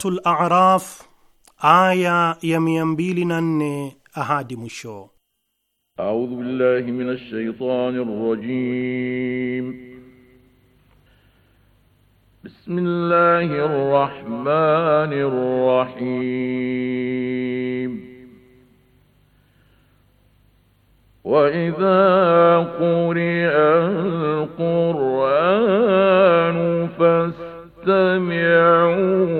Suratul A'raf aya ya mia mbili na nne ahadi mwisho. A'udhu billahi minash shaitanir rajim. Bismillahir rahmanir rahim. وإذا قرئ القرآن فاستمعوا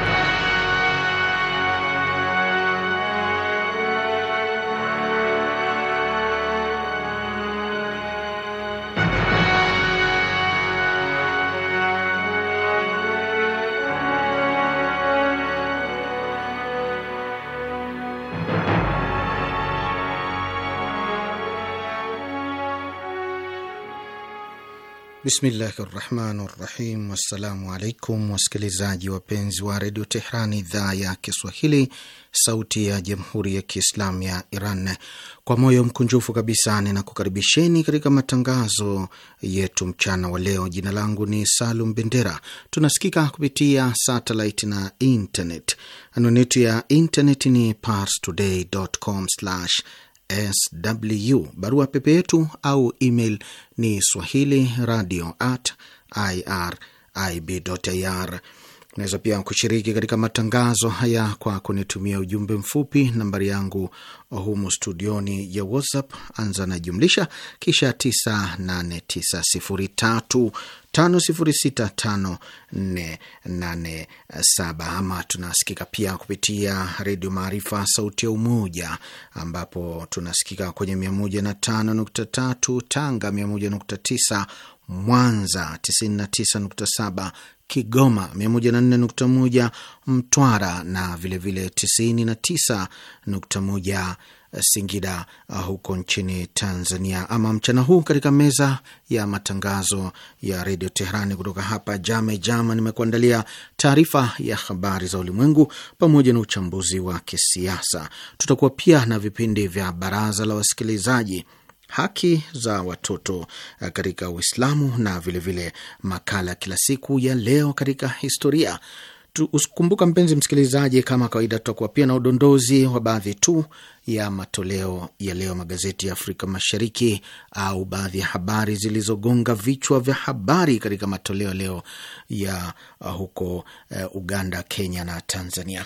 Bismillahi rahmani rahim. Wassalamu alaikum wasikilizaji wapenzi wa redio Tehran, idhaa ya Kiswahili, sauti ya jamhuri ya kiislamu ya Iran. Kwa moyo mkunjufu kabisa ninakukaribisheni katika matangazo yetu mchana wa leo. Jina langu ni Salum Bendera. Tunasikika kupitia satelit na internet. Anwani yetu ya internet ni parstoday.com sw. Barua pepe yetu au email ni swahili radio at irib.ir. Unaweza pia kushiriki katika matangazo haya kwa kunitumia ujumbe mfupi. Nambari yangu humu studioni ya WhatsApp, anza na jumlisha kisha 989035065487 ama tunasikika pia kupitia Redio Maarifa Sauti ya Umoja, ambapo tunasikika kwenye 105.3 Tanga, 101.9 Mwanza 99.7, Kigoma 104.1, Mtwara na vilevile 99.1 Singida uh, huko nchini Tanzania. Ama mchana huu katika meza ya matangazo ya redio Teherani kutoka hapa Jame Jama, nimekuandalia taarifa ya habari za ulimwengu pamoja na uchambuzi wa kisiasa. Tutakuwa pia na vipindi vya baraza la wasikilizaji haki za watoto eh, katika Uislamu na vilevile vile makala ya kila siku ya leo katika historia. Usikumbuka mpenzi msikilizaji, kama kawaida, tutakuwa pia na udondozi wa baadhi tu ya matoleo ya leo magazeti ya Afrika Mashariki au baadhi ya habari zilizogonga vichwa vya habari katika matoleo leo ya eh, huko eh, Uganda, Kenya na Tanzania.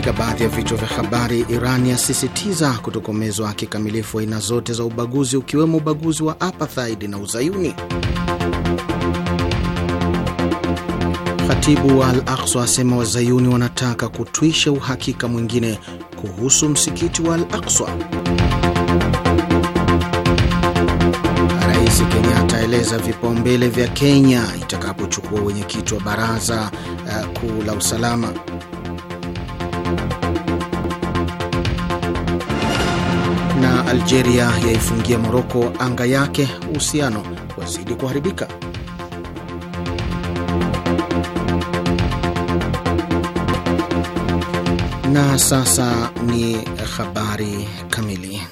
Katika baadhi ya vichwa vya habari, Iran yasisitiza kutokomezwa kikamilifu aina zote za ubaguzi, ukiwemo ubaguzi wa apartheid na uzayuni. katibu wa Al aqsa asema wazayuni wanataka kutwisha uhakika mwingine kuhusu msikiti wa Al aqsa Rais Kenyatta aeleza vipaumbele vya Kenya itakapochukua wenyekiti wa baraza uh, kuu la usalama. Algeria yaifungia Moroko anga yake, uhusiano wazidi kuharibika. Na sasa ni habari kamili.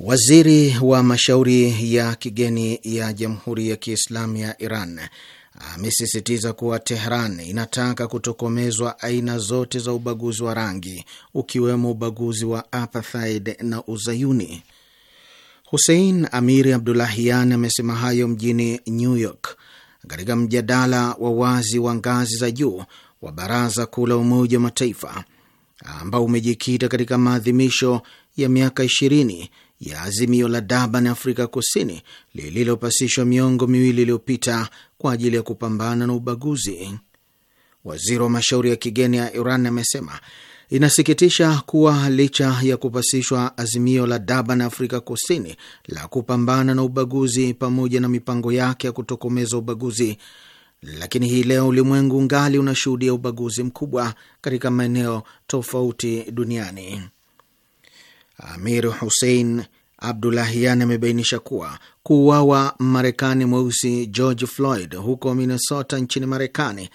Waziri wa mashauri ya kigeni ya Jamhuri ya Kiislamu ya Iran amesisitiza kuwa Tehran inataka kutokomezwa aina zote za ubaguzi wa rangi ukiwemo ubaguzi wa apartheid na uzayuni. Hussein Amiri Abdulahian amesema hayo mjini New York katika mjadala wa wazi wa ngazi za juu wa Baraza Kuu la Umoja wa Mataifa ambao umejikita katika maadhimisho ya miaka 20 ya azimio la Durban, Afrika Kusini, lililopasishwa miongo miwili iliyopita kwa ajili ya kupambana na ubaguzi. Waziri wa mashauri ya kigeni ya Iran amesema inasikitisha kuwa licha ya kupasishwa azimio la Durban, Afrika Kusini, la kupambana na ubaguzi pamoja na mipango yake ya kutokomeza ubaguzi, lakini hii leo ulimwengu ngali unashuhudia ubaguzi mkubwa katika maeneo tofauti duniani. Amir Hussein Abdulahian amebainisha kuwa kuuawa Marekani mweusi George Floyd huko Minnesota nchini Marekani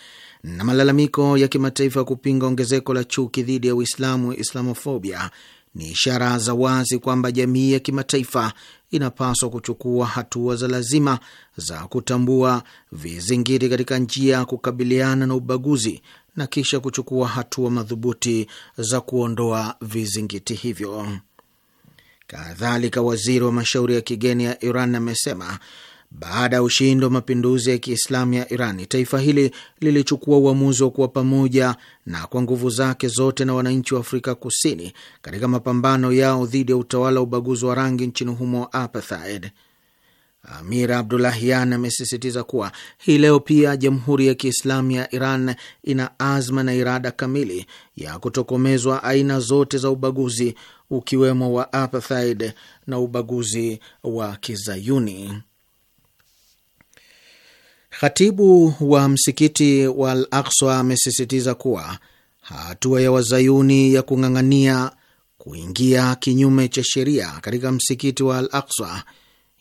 na malalamiko ya kimataifa ya kupinga ongezeko la chuki dhidi ya Uislamu, Islamofobia, ni ishara za wazi kwamba jamii ya kimataifa inapaswa kuchukua hatua za lazima za kutambua vizingiti katika njia ya kukabiliana na ubaguzi na kisha kuchukua hatua madhubuti za kuondoa vizingiti hivyo. Kadhalika, waziri wa mashauri ya kigeni ya Iran amesema baada ya ushindi wa mapinduzi ya Kiislamu ya Iran, taifa hili lilichukua uamuzi wa kuwa pamoja na kwa nguvu zake zote na wananchi wa Afrika Kusini katika mapambano yao dhidi ya utawala wa ubaguzi wa rangi nchini humo, apartheid. Amir Abdulahian amesisitiza kuwa hii leo pia Jamhuri ya Kiislamu ya Iran ina azma na irada kamili ya kutokomezwa aina zote za ubaguzi ukiwemo wa apartheid na ubaguzi wa Kizayuni. Khatibu wa msikiti wa Al Akswa amesisitiza kuwa hatua ya Wazayuni ya kung'ang'ania kuingia kinyume cha sheria katika msikiti wa Al Akswa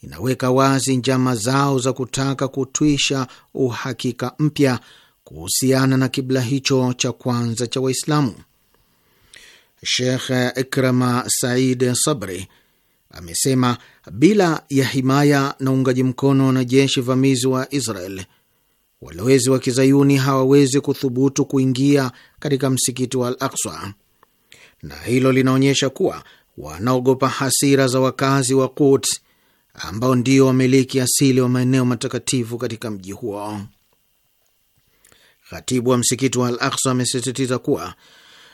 inaweka wazi njama zao za kutaka kutwisha uhakika mpya kuhusiana na kibla hicho cha kwanza cha Waislamu. Shekh Ikrama Said Sabri amesema bila ya himaya na uungaji mkono na jeshi vamizi wa Israel, walowezi wa kizayuni hawawezi kuthubutu kuingia katika msikiti wa Al Akswa, na hilo linaonyesha kuwa wanaogopa hasira za wakazi wa Quds ambao ndio wamiliki asili wa maeneo matakatifu katika mji huo. Khatibu wa msikiti wa Al Aksa amesisitiza kuwa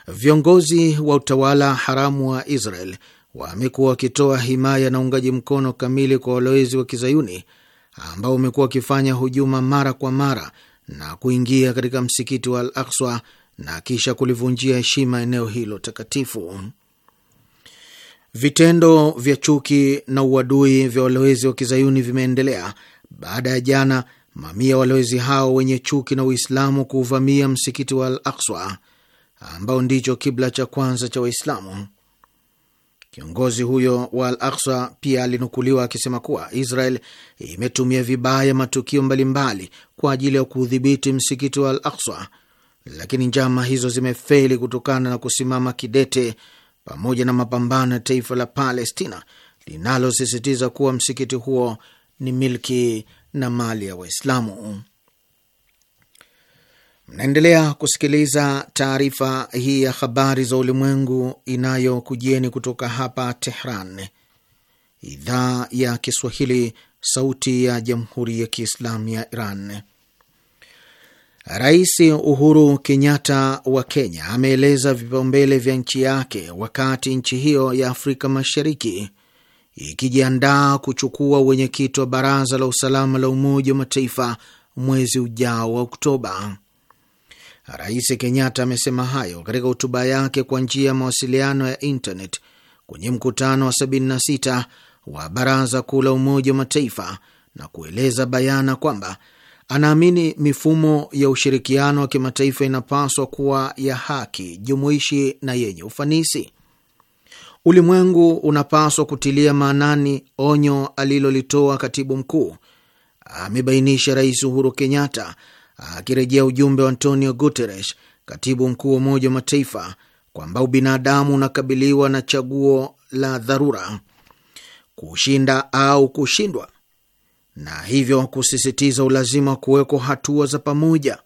viongozi wa utawala haramu wa Israel wamekuwa wakitoa himaya na uungaji mkono kamili kwa walowezi wa kizayuni ambao wamekuwa wakifanya hujuma mara kwa mara na kuingia katika msikiti wa Al Akswa na kisha kulivunjia heshima eneo hilo takatifu. Vitendo vya chuki na uadui vya walowezi wa kizayuni vimeendelea baada ya jana mamia walowezi hao wenye chuki na Uislamu kuuvamia msikiti wa Al Akswa ambao ndicho kibla cha kwanza cha Waislamu. Kiongozi huyo wa Al Aksa pia alinukuliwa akisema kuwa Israel imetumia vibaya matukio mbalimbali kwa ajili ya kuudhibiti msikiti wa Al Aksa, lakini njama hizo zimefeli kutokana na kusimama kidete pamoja na mapambano ya taifa la Palestina linalosisitiza kuwa msikiti huo ni milki na mali ya Waislamu. Mnaendelea kusikiliza taarifa hii ya habari za ulimwengu inayokujieni kutoka hapa Tehran, idhaa ya Kiswahili, sauti ya jamhuri ya kiislamu ya Iran. Rais Uhuru Kenyatta wa Kenya ameeleza vipaumbele vya nchi yake wakati nchi hiyo ya Afrika Mashariki ikijiandaa kuchukua wenyekiti wa Baraza la Usalama la Umoja wa Mataifa mwezi ujao wa Oktoba. Rais Kenyatta amesema hayo katika hotuba yake kwa njia ya mawasiliano ya internet kwenye mkutano wa 76 wa Baraza Kuu la Umoja wa Mataifa na kueleza bayana kwamba Anaamini mifumo ya ushirikiano wa kimataifa inapaswa kuwa ya haki, jumuishi na yenye ufanisi. Ulimwengu unapaswa kutilia maanani onyo alilolitoa katibu mkuu, amebainisha Rais Uhuru Kenyatta akirejea ujumbe wa Antonio Guterres, katibu mkuu wa Umoja wa Mataifa, kwamba ubinadamu unakabiliwa na chaguo la dharura: kushinda au kushindwa na hivyo kusisitiza ulazima wa kuwekwa hatua za pamoja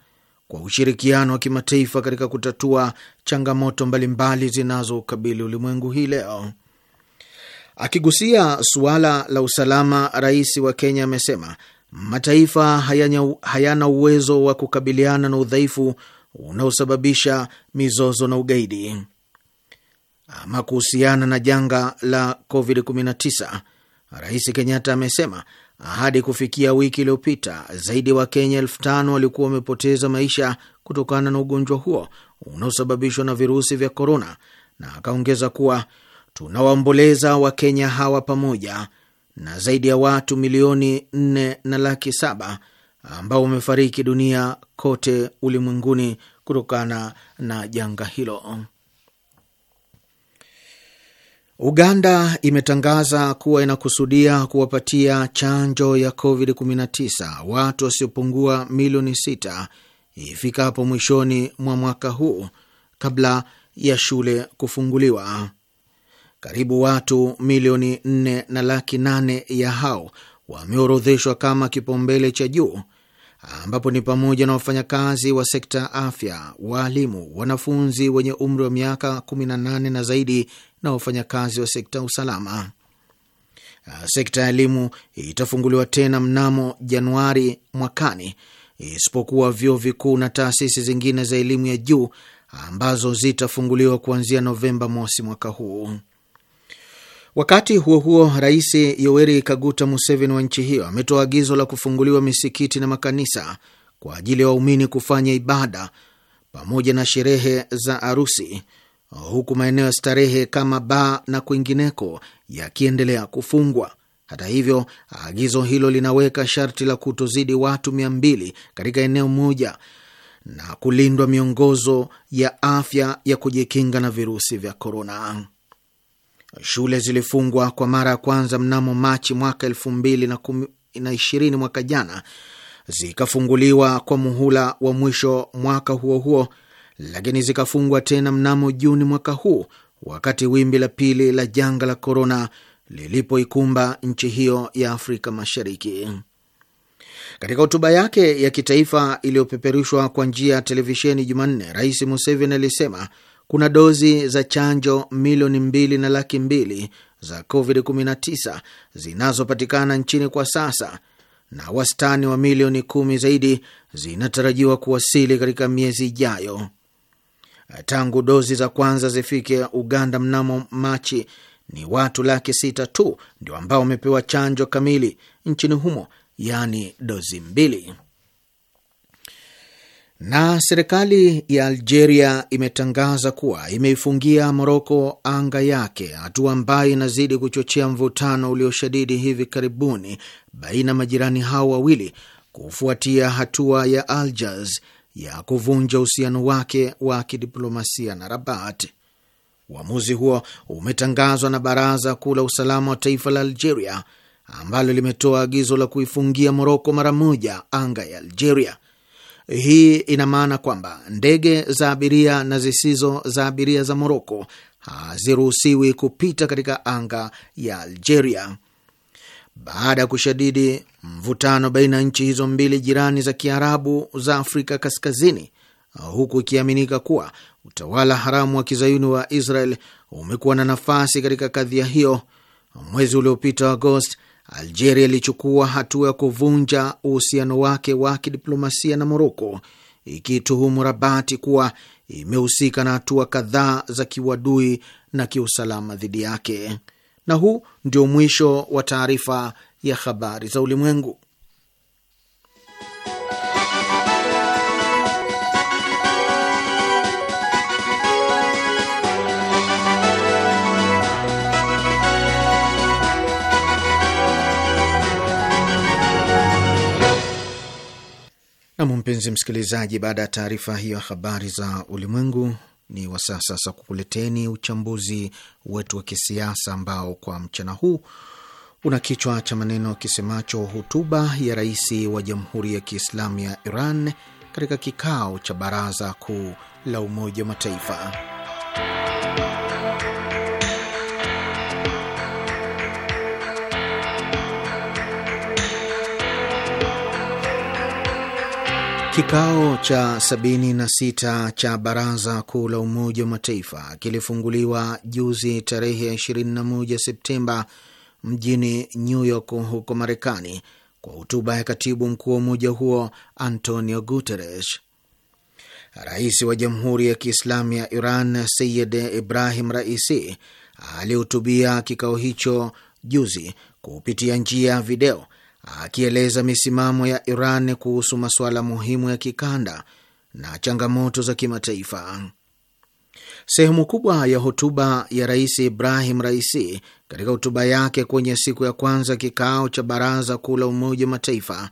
kwa ushirikiano wa kimataifa katika kutatua changamoto mbalimbali zinazokabili ulimwengu hii leo. Akigusia suala la usalama, rais wa Kenya amesema mataifa hayanya, hayana uwezo wa kukabiliana na udhaifu unaosababisha mizozo na ugaidi. Ama kuhusiana na janga la COVID-19, Rais Kenyatta amesema hadi kufikia wiki iliyopita zaidi ya Wakenya elfu tano walikuwa wamepoteza maisha kutokana na ugonjwa huo unaosababishwa na virusi vya korona, na akaongeza kuwa tunawaomboleza Wakenya hawa pamoja na zaidi ya watu milioni nne na laki saba ambao wamefariki dunia kote ulimwenguni kutokana na janga hilo. Uganda imetangaza kuwa inakusudia kuwapatia chanjo ya COVID-19 watu wasiopungua milioni 6 ifikapo mwishoni mwa mwaka huu kabla ya shule kufunguliwa. Karibu watu milioni 4 na laki 8 ya hao wameorodheshwa kama kipaumbele cha juu ambapo ni pamoja na wafanyakazi wa sekta afya, waalimu, wanafunzi wenye umri wa miaka 18 na zaidi na wafanyakazi wa sekta ya usalama. Ah, sekta ya elimu itafunguliwa tena mnamo Januari mwakani, isipokuwa vyuo vikuu na taasisi zingine za elimu ya juu ambazo zitafunguliwa kuanzia Novemba mosi mwaka huu. Wakati huo huo, Rais Yoweri Kaguta Museveni wa nchi hiyo ametoa agizo la kufunguliwa misikiti na makanisa kwa ajili ya waumini kufanya ibada pamoja na sherehe za arusi huku maeneo ya starehe kama baa na kwingineko yakiendelea kufungwa. Hata hivyo, agizo hilo linaweka sharti la kutozidi watu mia mbili katika eneo moja na kulindwa miongozo ya afya ya kujikinga na virusi vya korona. Shule zilifungwa kwa mara ya kwanza mnamo Machi mwaka elfu mbili na ishirini mwaka jana, zikafunguliwa kwa muhula wa mwisho mwaka huo huo lakini zikafungwa tena mnamo Juni mwaka huu wakati wimbi la pili la janga la korona lilipoikumba nchi hiyo ya Afrika Mashariki. Katika hotuba yake ya kitaifa iliyopeperushwa kwa njia ya televisheni Jumanne, Rais Museveni alisema kuna dozi za chanjo milioni mbili na laki mbili za COVID-19 zinazopatikana nchini kwa sasa na wastani wa milioni kumi zaidi zinatarajiwa kuwasili katika miezi ijayo. Eh, tangu dozi za kwanza zifike Uganda mnamo Machi, ni watu laki sita tu ndio ambao wamepewa chanjo kamili nchini humo, yaani dozi mbili. Na serikali ya Algeria imetangaza kuwa imeifungia Moroko anga yake, hatua ambayo inazidi kuchochea mvutano ulioshadidi hivi karibuni baina majirani hao wawili kufuatia hatua ya Algiers ya kuvunja uhusiano wake wa kidiplomasia na Rabat. Uamuzi huo umetangazwa na Baraza Kuu la Usalama wa Taifa la Algeria ambalo limetoa agizo la kuifungia Moroko mara moja anga ya Algeria. Hii ina maana kwamba ndege za abiria na zisizo za abiria za Moroko haziruhusiwi kupita katika anga ya Algeria baada ya kushadidi mvutano baina ya nchi hizo mbili jirani za Kiarabu za Afrika Kaskazini, huku ikiaminika kuwa utawala haramu wa kizayuni wa Israel umekuwa na nafasi katika kadhia hiyo. Mwezi uliopita Agosti, Algeria ilichukua hatua ya kuvunja uhusiano wake wa kidiplomasia na Moroko, ikituhumu Rabati kuwa imehusika na hatua kadhaa za kiuadui na kiusalama dhidi yake na huu ndio mwisho wa taarifa ya habari za ulimwengu. Nam, mpenzi msikilizaji, baada ya taarifa hiyo ya habari za ulimwengu ni wasaa sasa kukuleteni uchambuzi wetu wa kisiasa ambao kwa mchana huu una kichwa cha maneno kisemacho hotuba ya rais wa Jamhuri ya Kiislamu ya Iran katika kikao cha Baraza Kuu la Umoja wa Mataifa. Kikao cha 76 cha Baraza Kuu la Umoja wa Mataifa kilifunguliwa juzi tarehe 21 Septemba mjini New York huko Marekani kwa hotuba ya katibu mkuu wa umoja huo Antonio Guterres. Rais wa Jamhuri ya Kiislamu ya Iran sayid Ibrahim Raisi alihutubia kikao hicho juzi kupitia njia ya video akieleza misimamo ya Iran kuhusu masuala muhimu ya kikanda na changamoto za kimataifa. Sehemu kubwa ya hotuba ya Rais Ibrahim Raisi katika hotuba yake kwenye siku ya kwanza kikao cha Baraza Kuu la Umoja wa Mataifa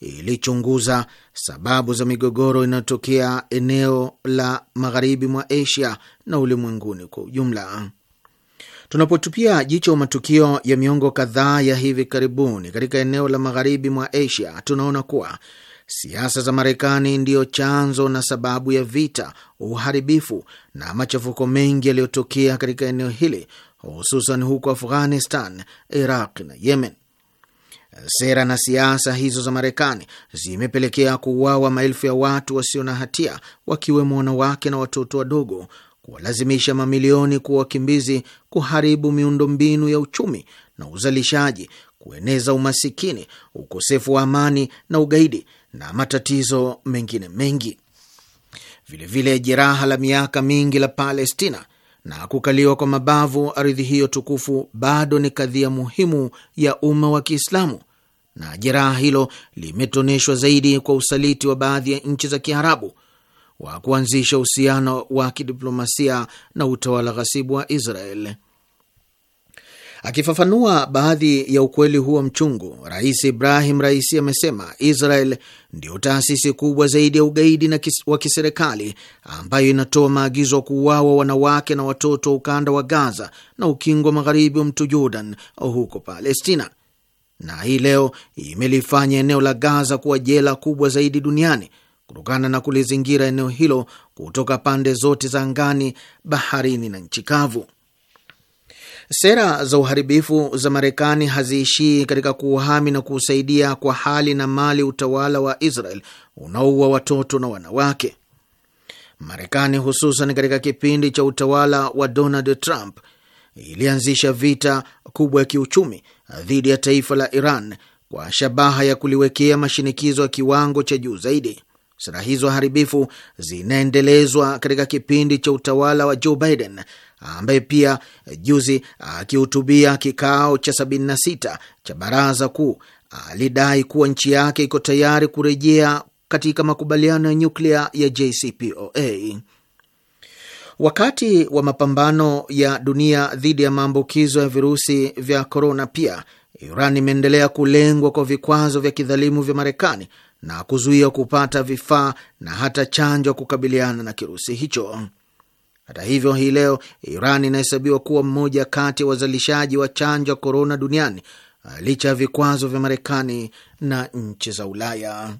ilichunguza sababu za migogoro inayotokea eneo la magharibi mwa Asia na ulimwenguni kwa ujumla. Tunapotupia jicho matukio ya miongo kadhaa ya hivi karibuni katika eneo la magharibi mwa Asia, tunaona kuwa siasa za Marekani ndiyo chanzo na sababu ya vita, uharibifu na machafuko mengi yaliyotokea katika eneo hili, hususan huko Afghanistan, Iraq na Yemen. Sera na siasa hizo za Marekani zimepelekea kuuawa maelfu ya watu wasio na hatia, wakiwemo wanawake na watoto wadogo kuwalazimisha mamilioni kuwa wakimbizi, kuharibu miundombinu ya uchumi na uzalishaji, kueneza umasikini, ukosefu wa amani na ugaidi na matatizo mengine mengi. Vilevile vile jeraha la miaka mingi la Palestina na kukaliwa kwa mabavu ardhi hiyo tukufu bado ni kadhia muhimu ya umma wa Kiislamu, na jeraha hilo limetoneshwa zaidi kwa usaliti wa baadhi ya nchi za Kiarabu wa kuanzisha uhusiano wa kidiplomasia na utawala ghasibu wa Israel. Akifafanua baadhi ya ukweli huo mchungu, Rais Ibrahim Raisi amesema Israel ndio taasisi kubwa zaidi ya ugaidi na kis, wa kiserikali ambayo inatoa maagizo ya kuuawa wanawake na watoto wa ukanda wa Gaza na ukingo magharibi wa mto Jordan huko Palestina, na hii leo imelifanya eneo la Gaza kuwa jela kubwa zaidi duniani kutokana na kulizingira eneo hilo kutoka pande zote za angani, baharini na nchi kavu. Sera za uharibifu za Marekani haziishii katika kuuhami na kuusaidia kwa hali na mali utawala wa Israel unaoua watoto na wanawake. Marekani, hususan katika kipindi cha utawala wa Donald Trump, ilianzisha vita kubwa ya kiuchumi dhidi ya taifa la Iran kwa shabaha ya kuliwekea mashinikizo ya kiwango cha juu zaidi. Sera hizo haribifu zinaendelezwa katika kipindi cha utawala wa Joe Biden ambaye pia juzi akihutubia kikao cha 76 cha baraza kuu alidai kuwa nchi yake iko tayari kurejea katika makubaliano ya nyuklia ya JCPOA. Wakati wa mapambano ya dunia dhidi ya maambukizo ya virusi vya korona, pia Iran imeendelea kulengwa kwa vikwazo vya kidhalimu vya Marekani na kuzuia kupata vifaa na hata chanjo ya kukabiliana na kirusi hicho. Hata hivyo, hii leo Iran inahesabiwa kuwa mmoja kati ya wazalishaji wa chanjo ya korona duniani licha ya vikwazo vya Marekani na nchi za Ulaya.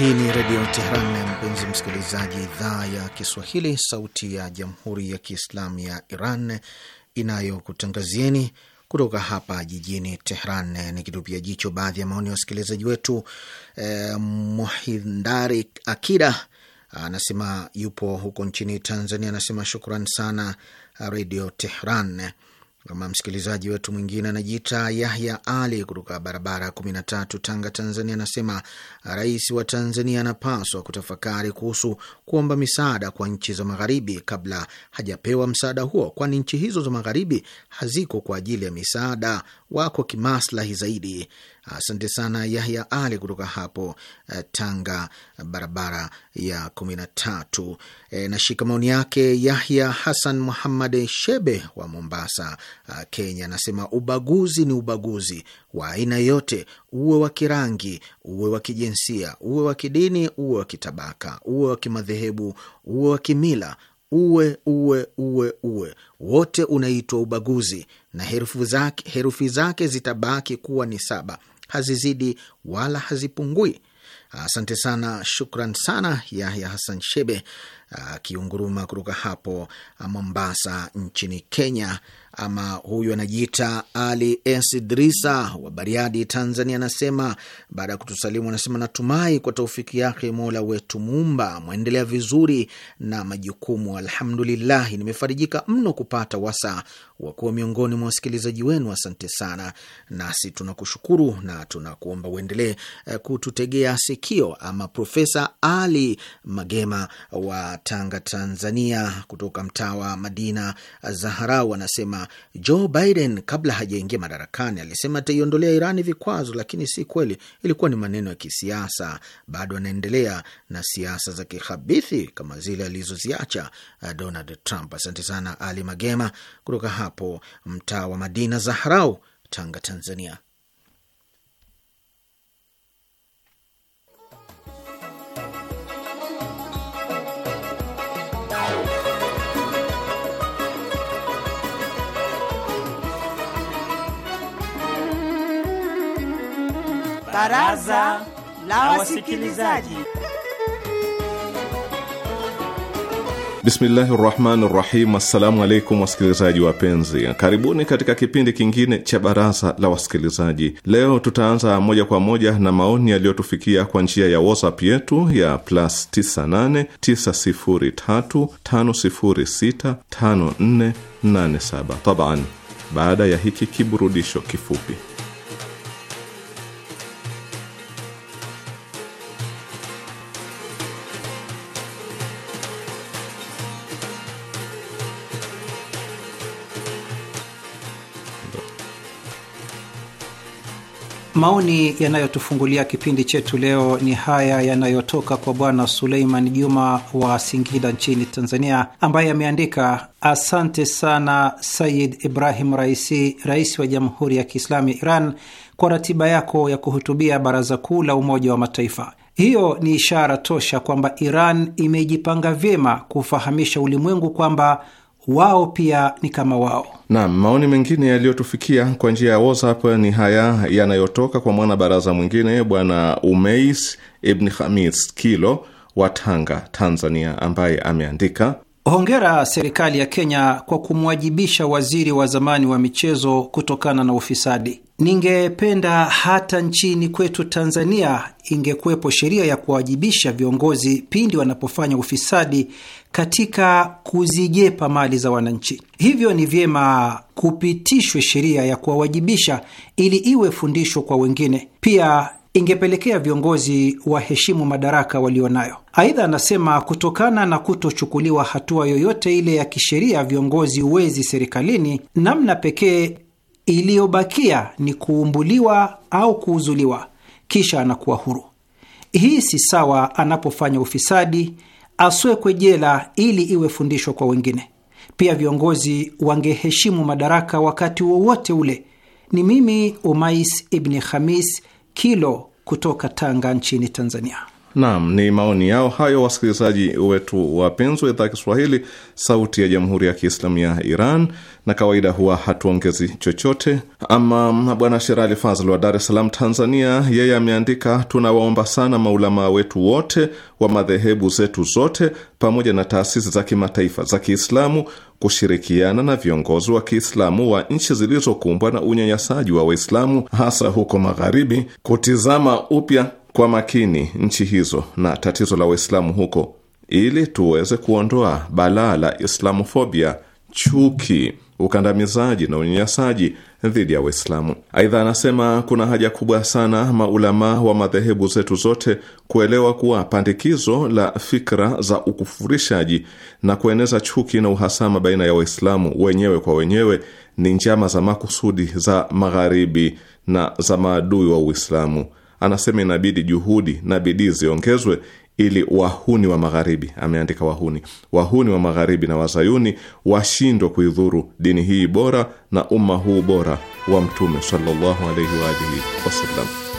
Hii ni Redio Teheran, mpenzi msikilizaji, idhaa ya Kiswahili, sauti ya Jamhuri ya Kiislamu ya Iran inayokutangazieni kutoka hapa jijini Tehran. ni kitupia jicho baadhi ya maoni ya wasikilizaji wetu, eh, Muhindari Akida anasema yupo huko nchini Tanzania, anasema shukran sana Redio Tehran. Kama msikilizaji wetu mwingine anajiita Yahya Ali kutoka barabara kumi na tatu, Tanga, Tanzania, anasema rais wa Tanzania anapaswa kutafakari kuhusu kuomba misaada kwa nchi za magharibi kabla hajapewa msaada huo, kwani nchi hizo za magharibi haziko kwa ajili ya misaada, wako kimaslahi zaidi. Asante sana Yahya Ali kutoka hapo eh, Tanga, barabara ya kumi na tatu. E, nashika maoni yake Yahya Hasan Muhammad Shebe wa Mombasa, eh, Kenya, anasema ubaguzi ni ubaguzi wa aina yote, uwe wa kirangi, uwe wa kijinsia, uwe wa kidini, uwe wa kitabaka, uwe wa kimadhehebu, uwe wa kimila uwe uwe uwe uwe wote unaitwa ubaguzi, na herufi zake, herufi zake zitabaki kuwa ni saba hazizidi wala hazipungui. Asante sana, shukran sana Yahya Hasan Shebe akiunguruma kutoka hapo Mombasa nchini Kenya. Ama huyu anajiita Ali S Drisa wa Bariadi, Tanzania, anasema baada ya kutusalimu, anasema natumai kwa taufiki yake Mola wetu Muumba mwendelea vizuri na majukumu. Alhamdulillahi, nimefarijika mno kupata wasaa wakuwa miongoni mwa wasikilizaji wenu. Asante sana, nasi tunakushukuru na tunakuomba uendelee eh, kututegea sikio. Ama Profesa Ali Magema wa Tanga, Tanzania, kutoka mtaa wa Madina eh, Zaharau anasema Joe Biden kabla hajaingia madarakani alisema ataiondolea Irani vikwazo, lakini si kweli, ilikuwa ni maneno ya kisiasa. Bado anaendelea na siasa za kihabithi kama zile alizoziacha eh, Donald Trump. Asante sana Ali Magema kutoka hapa hapo mtaa wa Madina Zahrau, Tanga, Tanzania. Baraza la Wasikilizaji. Bismillahi rahmani rahim. Assalamu alaikum wasikilizaji wapenzi, karibuni katika kipindi kingine cha baraza la wasikilizaji. Leo tutaanza moja kwa moja na maoni yaliyotufikia kwa njia ya WhatsApp yetu ya plus 989035065487 taban, baada ya hiki kiburudisho kifupi. Maoni yanayotufungulia kipindi chetu leo ni haya yanayotoka kwa Bwana Suleiman Juma wa Singida nchini Tanzania, ambaye ameandika asante sana Sayid Ibrahim Raisi, rais wa Jamhuri ya Kiislamu ya Iran, kwa ratiba yako ya kuhutubia Baraza Kuu la Umoja wa Mataifa. Hiyo ni ishara tosha kwamba Iran imejipanga vyema kufahamisha ulimwengu kwamba wao pia ni kama wao. Naam, maoni mengine yaliyotufikia kwa njia ya WhatsApp ni haya yanayotoka kwa mwanabaraza mwingine Bwana Umeis Ibn Hamis Kilo wa Tanga, Tanzania, ambaye ameandika Hongera serikali ya Kenya kwa kumwajibisha waziri wa zamani wa michezo kutokana na ufisadi. Ningependa hata nchini kwetu Tanzania ingekuwepo sheria ya kuwawajibisha viongozi pindi wanapofanya ufisadi katika kuzijepa mali za wananchi. Hivyo ni vyema kupitishwe sheria ya kuwawajibisha ili iwe fundisho kwa wengine. Pia ingepelekea viongozi waheshimu madaraka walionayo. Aidha, anasema kutokana na kutochukuliwa hatua yoyote ile ya kisheria viongozi wezi serikalini, namna pekee iliyobakia ni kuumbuliwa au kuuzuliwa, kisha anakuwa huru. Hii si sawa anapofanya ufisadi, aswekwe jela ili iwe fundishwa kwa wengine. Pia viongozi wangeheshimu madaraka wakati wowote ule. Ni mimi Umais Ibni Khamis Kilo kutoka Tanga nchini Tanzania. Naam, ni maoni yao hayo wasikilizaji wetu wapenzi wa idhaa ya Kiswahili sauti ya Jamhuri ya Kiislamu ya Iran, na kawaida huwa hatuongezi chochote. Ama bwana Sherali Fazl wa Dar es Salaam, Tanzania, yeye ameandika, tunawaomba sana maulamaa wetu wote wa madhehebu zetu zote pamoja na taasisi za kimataifa za Kiislamu kushirikiana na viongozi wa Kiislamu wa nchi zilizokumbwa na unyanyasaji wa Waislamu hasa huko Magharibi kutizama upya kwa makini nchi hizo na tatizo la Waislamu huko ili tuweze kuondoa balaa la islamofobia, chuki, ukandamizaji na unyanyasaji dhidi ya Waislamu. Aidha, anasema kuna haja kubwa sana maulamaa wa madhehebu zetu zote kuelewa kuwa pandikizo la fikra za ukufurishaji na kueneza chuki na uhasama baina ya Waislamu wenyewe kwa wenyewe ni njama za makusudi za Magharibi na za maadui wa Uislamu anasema inabidi juhudi na bidii ziongezwe ili wahuni wa magharibi, ameandika wahuni, wahuni wa magharibi na wazayuni washindwe kuidhuru dini hii bora na umma huu bora wa Mtume sallallahu alaihi wa alihi wasallam.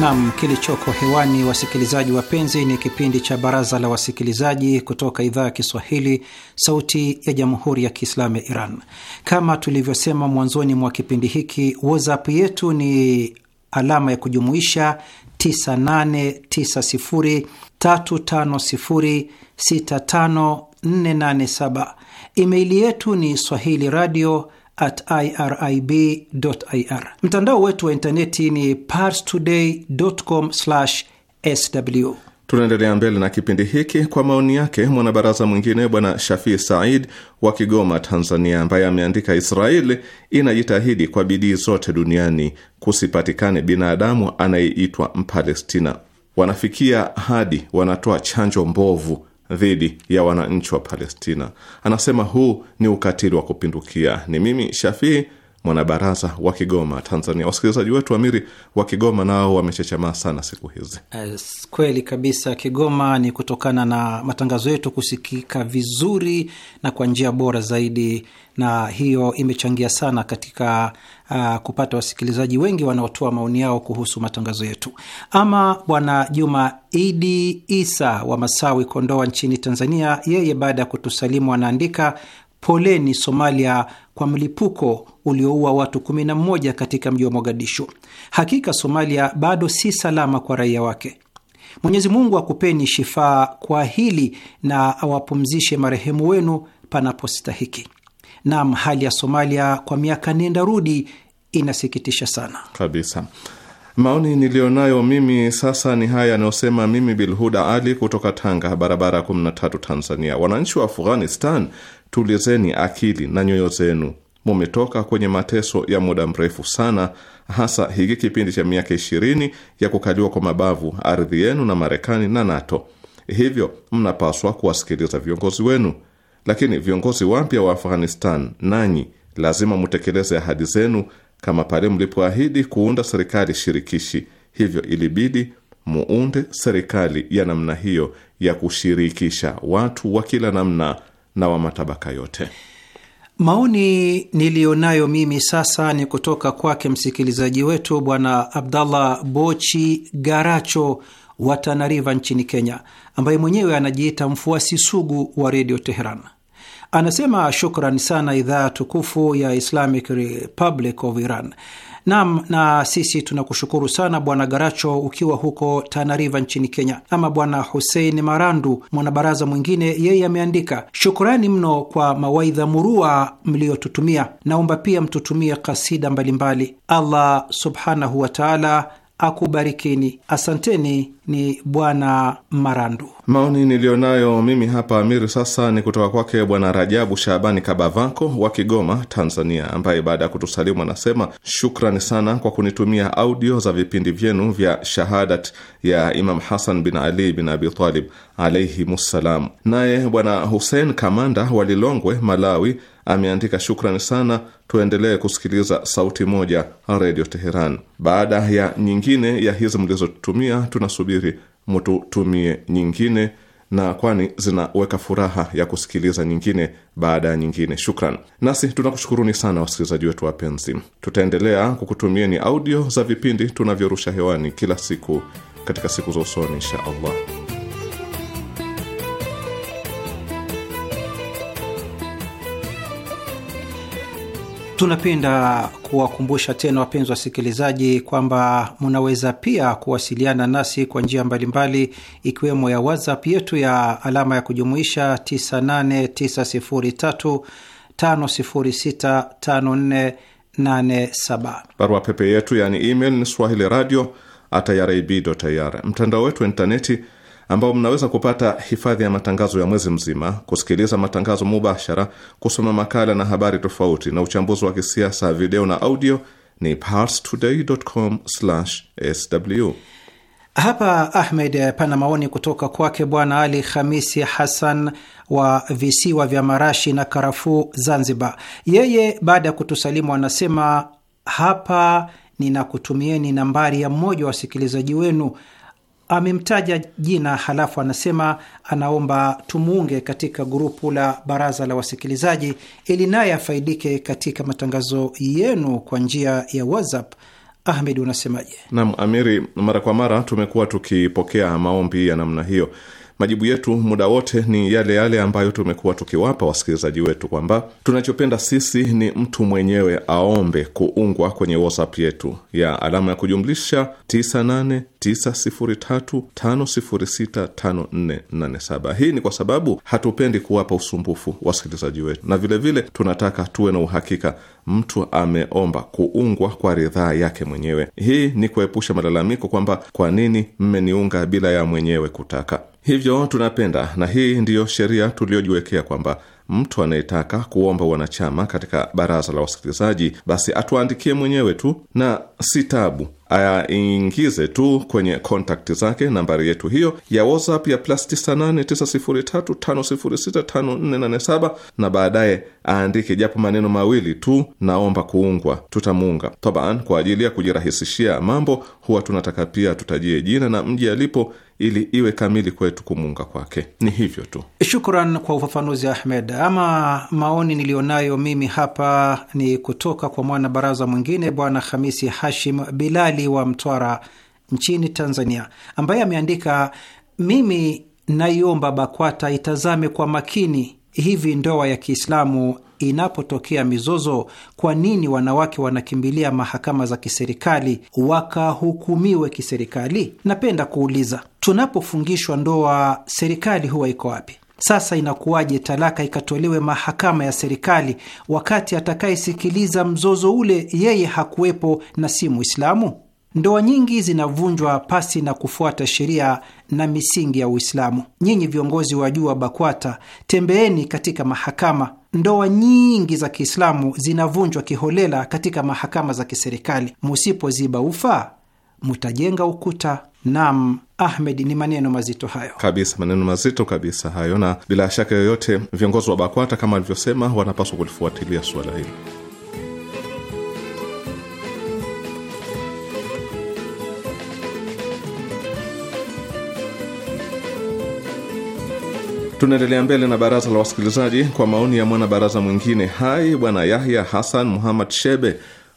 Nam, kilichoko hewani wasikilizaji wapenzi, ni kipindi cha Baraza la Wasikilizaji kutoka idhaa ya Kiswahili, Sauti ya Jamhuri ya Kiislamu ya Iran. Kama tulivyosema mwanzoni mwa kipindi hiki, WhatsApp yetu ni alama ya kujumuisha 989035065487. Imeili yetu ni swahili radio at irib.ir. Mtandao wetu wa intaneti ni parstoday.com/sw. Tunaendelea mbele na kipindi hiki kwa maoni yake mwanabaraza mwingine Bwana Shafii Said wa Kigoma, Tanzania, ambaye ameandika, Israeli inajitahidi kwa bidii zote duniani kusipatikane binadamu anayeitwa Mpalestina. Wanafikia hadi wanatoa chanjo mbovu dhidi ya wananchi wa Palestina. Anasema huu ni ukatili wa kupindukia. Ni mimi Shafii, mwanabaraza wa Kigoma, Tanzania. Wasikilizaji wetu Amiri wa Kigoma nao wamechechemaa sana siku hizi. Kweli kabisa, Kigoma ni kutokana na matangazo yetu kusikika vizuri na kwa njia bora zaidi na hiyo imechangia sana katika uh, kupata wasikilizaji wengi wanaotoa maoni yao kuhusu matangazo yetu. Ama Bwana Juma Idi Isa wa Masawi, Kondoa nchini Tanzania, yeye baada ya kutusalimu anaandika Poleni Somalia kwa mlipuko ulioua watu 11 katika mji wa Mogadishu. Hakika Somalia bado si salama kwa raia wake. Mwenyezi Mungu akupeni shifaa kwa hili na awapumzishe marehemu wenu panapostahiki. Nam, hali ya Somalia kwa miaka nenda rudi inasikitisha sana kabisa. Maoni niliyonayo mimi sasa ni haya yanayosema mimi Bilhuda Ali kutoka Tanga, barabara ya 13 Tanzania. Wananchi wa Afghanistan, tulizeni akili na nyoyo zenu, mumetoka kwenye mateso ya muda mrefu sana, hasa hiki kipindi cha miaka ishirini ya kukaliwa kwa mabavu ardhi yenu na Marekani na NATO. Hivyo mnapaswa kuwasikiliza viongozi wenu. Lakini viongozi wapya wa Afghanistan, nanyi lazima mutekeleze ahadi zenu kama pale mlipoahidi kuunda serikali shirikishi. Hivyo ilibidi muunde serikali ya namna hiyo ya kushirikisha watu wa kila namna na wa matabaka yote. Maoni niliyonayo mimi sasa ni kutoka kwake msikilizaji wetu Bwana Abdallah Bochi Garacho wa Tana River nchini Kenya, ambaye mwenyewe anajiita mfuasi sugu wa redio Teheran. Anasema shukran sana idhaa tukufu ya Islamic Republic of Iran. Nam, na sisi tunakushukuru sana Bwana Garacho ukiwa huko Tanariva nchini Kenya. Ama Bwana Husein Marandu, mwanabaraza mwingine, yeye ameandika shukrani mno kwa mawaidha murua mliyotutumia. Naomba pia mtutumie kasida mbalimbali. Allah subhanahu wataala akubarikini. Asanteni, ni Bwana Marandu. Maoni niliyonayo mimi hapa Amiri sasa ni kutoka kwake Bwana Rajabu Shabani Kabavanko wa Kigoma, Tanzania, ambaye baada ya kutusalimu anasema shukrani sana kwa kunitumia audio za vipindi vyenu vya shahadat ya Imam Hasan bin Ali bin Abitalib alaihimussalam. Naye Bwana Husein Kamanda wa Lilongwe, Malawi ameandika shukrani sana, tuendelee kusikiliza sauti moja redio Teheran. Baada ya nyingine ya hizi mlizotutumia, tunasubiri mututumie nyingine na kwani zinaweka furaha ya kusikiliza nyingine baada ya nyingine. Shukran. Nasi tunakushukuruni sana wasikilizaji wetu wapenzi, tutaendelea kukutumieni audio za vipindi tunavyorusha hewani kila siku katika siku za usoni, insha Allah. Tunapenda kuwakumbusha tena wapenzi wasikilizaji kwamba munaweza pia kuwasiliana nasi kwa njia mbalimbali, ikiwemo ya WhatsApp yetu ya alama ya kujumuisha 989035065487. Barua pepe yetu yaani email ni swahili radio at irib.ir. Mtandao wetu wa intaneti ambao mnaweza kupata hifadhi ya matangazo ya mwezi mzima, kusikiliza matangazo mubashara, kusoma makala na habari tofauti na uchambuzi wa kisiasa, video na audio ni parstoday.com/sw. Hapa Ahmed, eh, pana maoni kutoka kwake Bwana Ali Khamisi Hassan wa visiwa vya marashi na karafuu, Zanzibar. Yeye baada ya kutusalimu anasema hapa ninakutumieni nambari ya mmoja wa wasikilizaji wenu amemtaja jina halafu anasema anaomba tumuunge katika grupu la baraza la wasikilizaji ili naye afaidike katika matangazo yenu kwa njia ya WhatsApp. Ahmed, unasemaje? Naam Amiri, mara kwa mara tumekuwa tukipokea maombi ya namna hiyo Majibu yetu muda wote ni yale yale ambayo tumekuwa tukiwapa wasikilizaji wetu kwamba tunachopenda sisi ni mtu mwenyewe aombe kuungwa kwenye WhatsApp yetu ya alama ya kujumlisha 989035065487. Hii ni kwa sababu hatupendi kuwapa usumbufu wasikilizaji wetu, na vilevile vile tunataka tuwe na uhakika mtu ameomba kuungwa kwa ridhaa yake mwenyewe. Hii ni kuepusha malalamiko kwamba kwa nini mmeniunga bila ya mwenyewe kutaka. Hivyo tunapenda na hii ndiyo sheria tuliyojiwekea kwamba mtu anayetaka kuomba wanachama katika baraza la wasikilizaji basi atuandikie mwenyewe tu na si tabu, aingize tu kwenye kontakti zake nambari yetu hiyo ya WhatsApp ya plus 989035065487 na baadaye aandike japo maneno mawili tu, naomba kuungwa, tutamuunga toban. Kwa ajili ya kujirahisishia mambo, huwa tunataka pia tutajie jina na mji alipo ili iwe kamili kwetu kumuunga kwake. Ni hivyo tu. Shukran kwa ufafanuzi Ahmed. Ama maoni niliyonayo mimi hapa ni kutoka kwa mwanabaraza mwingine Bwana Hamisi Hashim Bilali wa Mtwara nchini Tanzania, ambaye ameandika mimi naiomba BAKWATA itazame kwa makini hivi ndoa ya Kiislamu inapotokea mizozo, kwa nini wanawake wanakimbilia mahakama za kiserikali wakahukumiwe kiserikali? Napenda kuuliza, tunapofungishwa ndoa, serikali huwa iko wapi? Sasa inakuwaje talaka ikatolewe mahakama ya serikali, wakati atakayesikiliza mzozo ule yeye hakuwepo na si muislamu Ndoa nyingi zinavunjwa pasi na kufuata sheria na misingi ya Uislamu. Nyinyi viongozi wa juu wa BAKWATA, tembeeni katika mahakama. Ndoa nyingi za Kiislamu zinavunjwa kiholela katika mahakama za kiserikali. Musipoziba ufa, mutajenga ukuta. Nam Ahmed, ni maneno mazito hayo kabisa, maneno mazito kabisa hayo, na bila shaka yoyote viongozi wa BAKWATA kama alivyosema, wanapaswa kulifuatilia suala hili. Tunaendelea mbele na baraza la wasikilizaji kwa maoni ya mwanabaraza mwingine hai, bwana Yahya Hasan Muhammad Shebe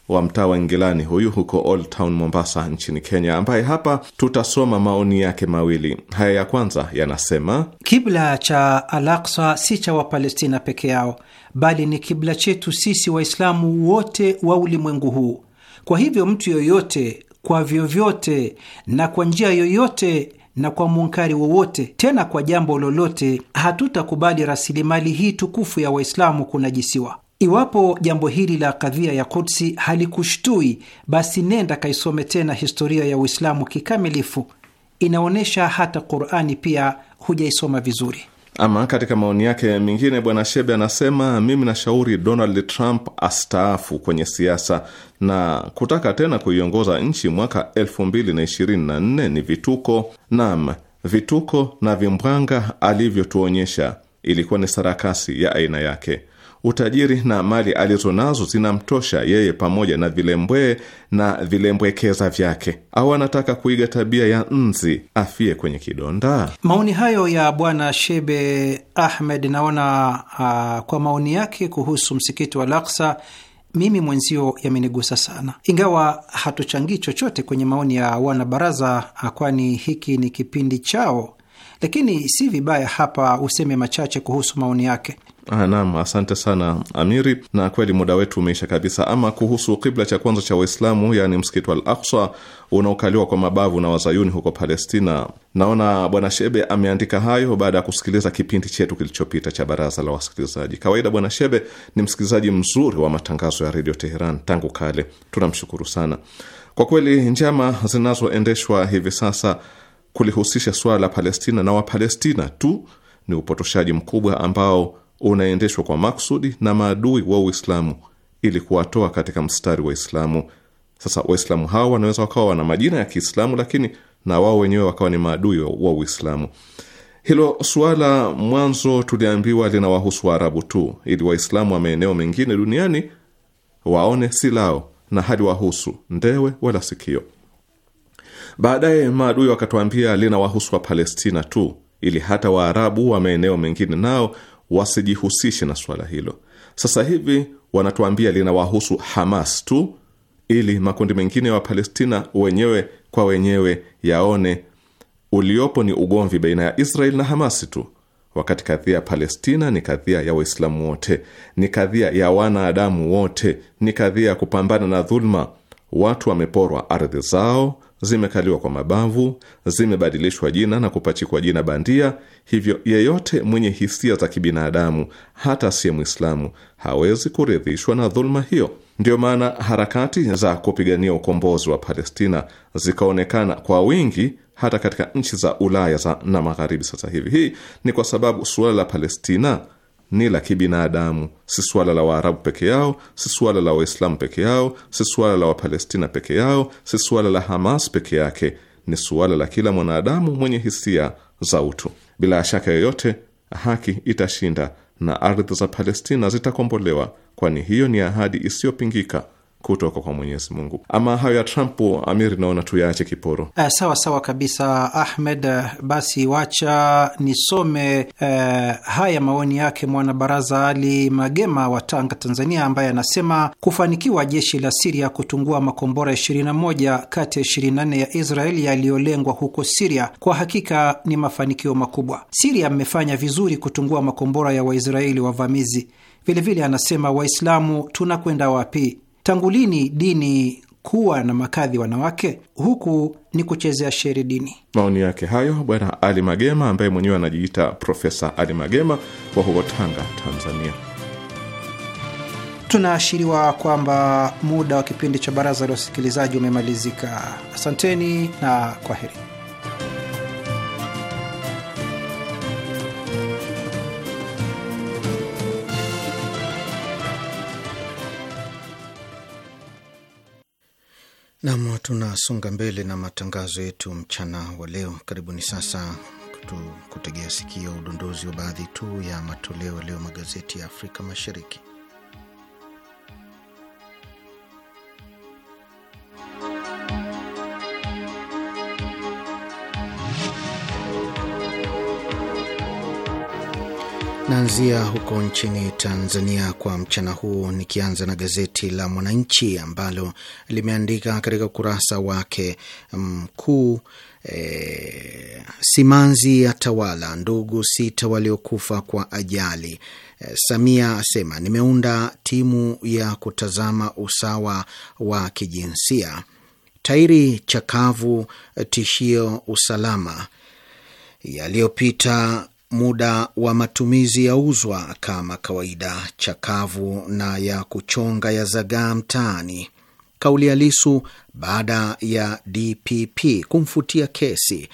wa mtaa wa Ingilani, huyu huko Old Town Mombasa nchini Kenya, ambaye hapa tutasoma maoni yake mawili. Haya ya kwanza yanasema, kibla cha Al-Aqsa si cha Wapalestina peke yao, bali ni kibla chetu sisi Waislamu wote wa ulimwengu huu. Kwa hivyo mtu yoyote, kwa vyovyote na kwa njia yoyote na kwa munkari wowote, tena kwa jambo lolote. Hatutakubali rasilimali hii tukufu ya Waislamu kunajisiwa. Iwapo jambo hili la kadhia ya Kudsi halikushtui, basi nenda kaisome tena historia ya Uislamu kikamilifu. Inaonyesha hata Qurani pia hujaisoma vizuri. Ama katika maoni yake mengine, bwana Shebe anasema mimi nashauri Donald Trump astaafu kwenye siasa na kutaka tena kuiongoza nchi mwaka 2024 ni vituko. Naam, vituko na vimbwanga alivyotuonyesha ilikuwa ni sarakasi ya aina yake utajiri na mali alizonazo zinamtosha yeye pamoja na vilembwee na vilembwekeza vyake, au anataka kuiga tabia ya nzi afie kwenye kidonda? Maoni hayo ya Bwana Shebe Ahmed naona uh, kwa maoni yake kuhusu msikiti wa Laksa mimi mwenzio yamenigusa sana, ingawa hatuchangii chochote kwenye maoni ya wanabaraza, ah, kwani hiki ni kipindi chao, lakini si vibaya hapa useme machache kuhusu maoni yake. Ah, naam, asante sana Amiri, na kweli muda wetu umeisha kabisa. Ama kuhusu kibla cha kwanza cha Waislamu, yaani msikiti Al-Aqsa unaokaliwa kwa mabavu na wazayuni huko Palestina, naona Bwana Shebe ameandika hayo baada ya kusikiliza kipindi chetu kilichopita cha baraza la wasikilizaji. Kawaida Bwana Shebe ni msikilizaji mzuri wa matangazo ya redio Teheran tangu kale, tunamshukuru sana kwa kweli. Njama zinazoendeshwa hivi sasa kulihusisha suala la Palestina na Wapalestina tu ni upotoshaji mkubwa ambao unaendeshwa kwa maksudi na maadui wa Uislamu ili kuwatoa katika mstari wa Uislamu. Sasa Waislamu hao wanaweza wakawa wana majina ya Kiislamu, lakini na wao wenyewe wakawa ni maadui wa Uislamu. Hilo suala mwanzo tuliambiwa linawahusu Waarabu tu, ili Waislamu wa maeneo mengine duniani waone si lao na hali wahusu ndewe wala sikio. Baadaye maadui wakatuambia linawahusu Palestina tu, ili hata Waarabu wa maeneo mengine nao wasijihusishe na suala hilo. Sasa hivi wanatuambia linawahusu Hamas tu, ili makundi mengine ya wa Wapalestina wenyewe kwa wenyewe yaone uliopo ni ugomvi baina ya Israel na Hamas tu, wakati kadhia ya Palestina ni kadhia ya Waislamu wote, ni kadhia ya wanadamu wote, ni kadhia ya kupambana na dhuluma. Watu wameporwa ardhi zao zimekaliwa kwa mabavu, zimebadilishwa jina na kupachikwa jina bandia. Hivyo yeyote mwenye hisia za kibinadamu, hata asiye Mwislamu, hawezi kuridhishwa na dhuluma hiyo. Ndiyo maana harakati za kupigania ukombozi wa Palestina zikaonekana kwa wingi hata katika nchi za Ulaya za na Magharibi sasa hivi. Hii ni kwa sababu suala la Palestina ni la kibinadamu, si suala la Waarabu peke yao, si suala la Waislamu peke yao, si suala la Wapalestina peke yao, si suala la Hamas peke yake, ni suala la kila mwanadamu mwenye hisia za utu. Bila shaka yoyote, haki itashinda na ardhi za Palestina zitakombolewa, kwani hiyo ni ahadi isiyopingika kutoka kwa Mwenyezi Mungu. Ama hayo ya Trump, Amiri, naona tuyaache kiporo. Eh, sawa sawa kabisa Ahmed. Eh, basi wacha nisome eh, haya maoni yake mwanabaraza Ali Magema wa Tanga, Tanzania, ambaye anasema kufanikiwa jeshi la Siria kutungua makombora 21 kati ya 24 ya Israeli yaliyolengwa huko Siria kwa hakika ni mafanikio makubwa. Siria mmefanya vizuri kutungua makombora ya Waisraeli wavamizi. Vilevile anasema Waislamu tunakwenda wapi? Tangu lini dini kuwa na makadhi wanawake? Huku ni kuchezea shere dini. Maoni yake hayo Bwana Ali Magema, ambaye mwenyewe anajiita Profesa Ali Magema wa huko Tanga, Tanzania. Tunaashiriwa kwamba muda wa kipindi cha Baraza la Wasikilizaji umemalizika. Asanteni na kwaheri. Nam, tunasonga mbele na matangazo yetu mchana wa leo. Karibuni sasa kutegea sikio udondozi wa baadhi tu ya matoleo leo magazeti ya Afrika Mashariki. Naanzia huko nchini Tanzania kwa mchana huu, nikianza na gazeti la Mwananchi ambalo limeandika katika ukurasa wake mkuu e, simanzi ya tawala ndugu sita waliokufa kwa ajali e, Samia asema nimeunda timu ya kutazama usawa wa kijinsia. Tairi chakavu eh, tishio usalama yaliyopita Muda wa matumizi ya uzwa kama kawaida, chakavu na ya kuchonga ya zagaa mtaani. Kauli ya Lisu baada ya DPP kumfutia kesi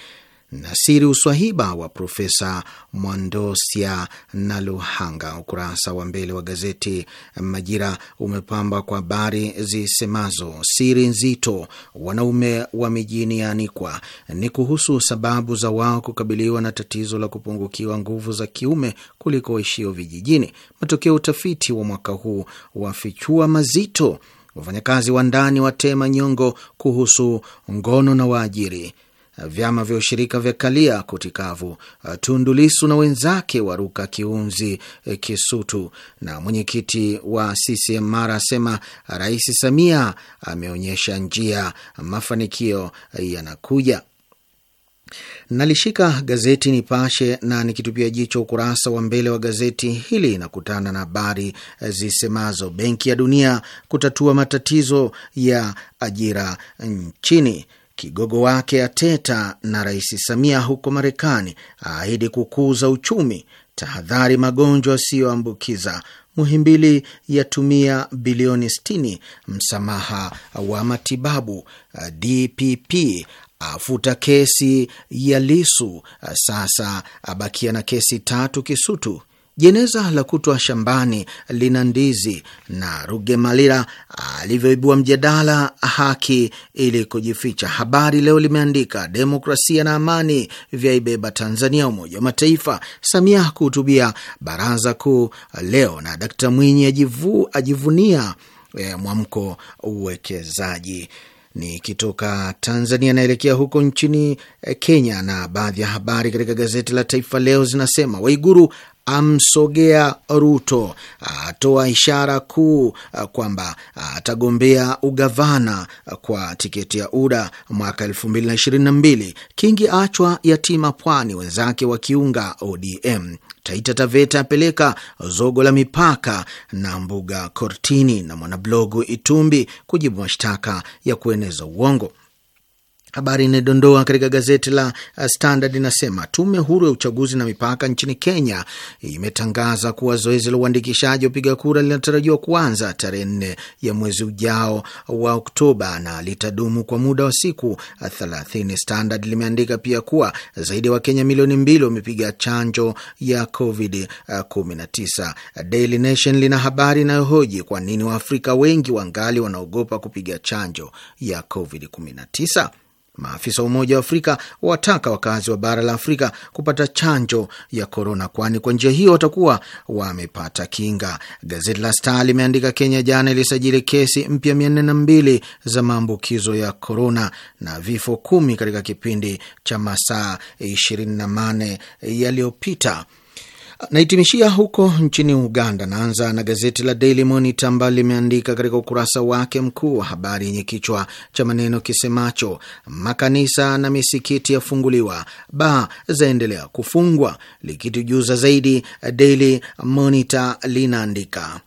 Nasiri uswahiba wa Profesa Mwandosia na Luhanga. Ukurasa wa mbele wa gazeti Majira umepamba kwa habari zisemazo siri nzito wanaume wa mijini yaanikwa. Ni kuhusu sababu za wao kukabiliwa na tatizo la kupungukiwa nguvu za kiume kuliko waishio vijijini. Matokeo utafiti wa mwaka huu wafichua mazito. Wafanyakazi wa ndani watema nyongo kuhusu ngono na waajiri vyama vya ushirika vya kalia kutikavu. Uh, tundulisu na wenzake waruka kiunzi eh, Kisutu. Na mwenyekiti wa CCM Mara asema Rais Samia ameonyesha njia, mafanikio eh, yanakuja. Nalishika gazeti Nipashe na nikitupia jicho ukurasa wa mbele wa gazeti hili inakutana na habari eh, zisemazo Benki ya Dunia kutatua matatizo ya ajira nchini kigogo wake ateta na Rais Samia huko Marekani, aahidi kukuza uchumi, tahadhari magonjwa yasiyoambukiza, Muhimbili yatumia bilioni 60 msamaha wa matibabu, DPP afuta kesi ya Lisu, sasa abakia na kesi tatu Kisutu. Jeneza la kutwa shambani lina ndizi na Rugemalira alivyoibua mjadala haki ili kujificha. Habari Leo limeandika demokrasia na amani vyaibeba Tanzania Umoja wa Mataifa, Samia kuhutubia baraza kuu leo na Dkt Mwinyi ajivu, ajivunia eh, mwamko uwekezaji Nikitoka Tanzania naelekea huko nchini eh, Kenya, na baadhi ya habari katika gazeti la Taifa Leo zinasema Waiguru amsogea Ruto, atoa ishara kuu eh, kwamba atagombea ugavana eh, kwa tiketi ya UDA mwaka elfu mbili na ishirini na mbili. Kingi achwa yatima Pwani, wenzake wakiunga ODM. Taita Taveta apeleka zogo la mipaka na mbuga kortini na mwanablogu Itumbi kujibu mashtaka ya kueneza uongo. Habari inayodondoa katika gazeti la uh, Standard inasema tume huru ya uchaguzi na mipaka nchini Kenya imetangaza kuwa zoezi la uandikishaji wa upiga kura linatarajiwa kuanza tarehe nne ya mwezi ujao wa Oktoba na litadumu kwa muda wa siku thelathini. Standard limeandika pia kuwa zaidi ya wa Wakenya milioni mbili wamepiga chanjo ya Covid 19. Daily Nation lina habari inayohoji kwa nini Waafrika wengi wangali wanaogopa kupiga chanjo ya Covid 19. Maafisa wa Umoja wa Afrika wataka wakazi wa bara la Afrika kupata chanjo ya korona, kwani kwa njia hiyo watakuwa wamepata kinga. Gazeti la Star limeandika, Kenya jana ilisajili kesi mpya mia nne na mbili za maambukizo ya korona na vifo kumi katika kipindi cha masaa ishirini na nane yaliyopita. Naitimishia huko nchini Uganda. Naanza na gazeti la Daily Monitor ambalo limeandika katika ukurasa wake mkuu wa habari yenye kichwa cha maneno kisemacho makanisa na misikiti yafunguliwa, ba zaendelea kufungwa. Likitujuza zaidi, Daily Monitor linaandika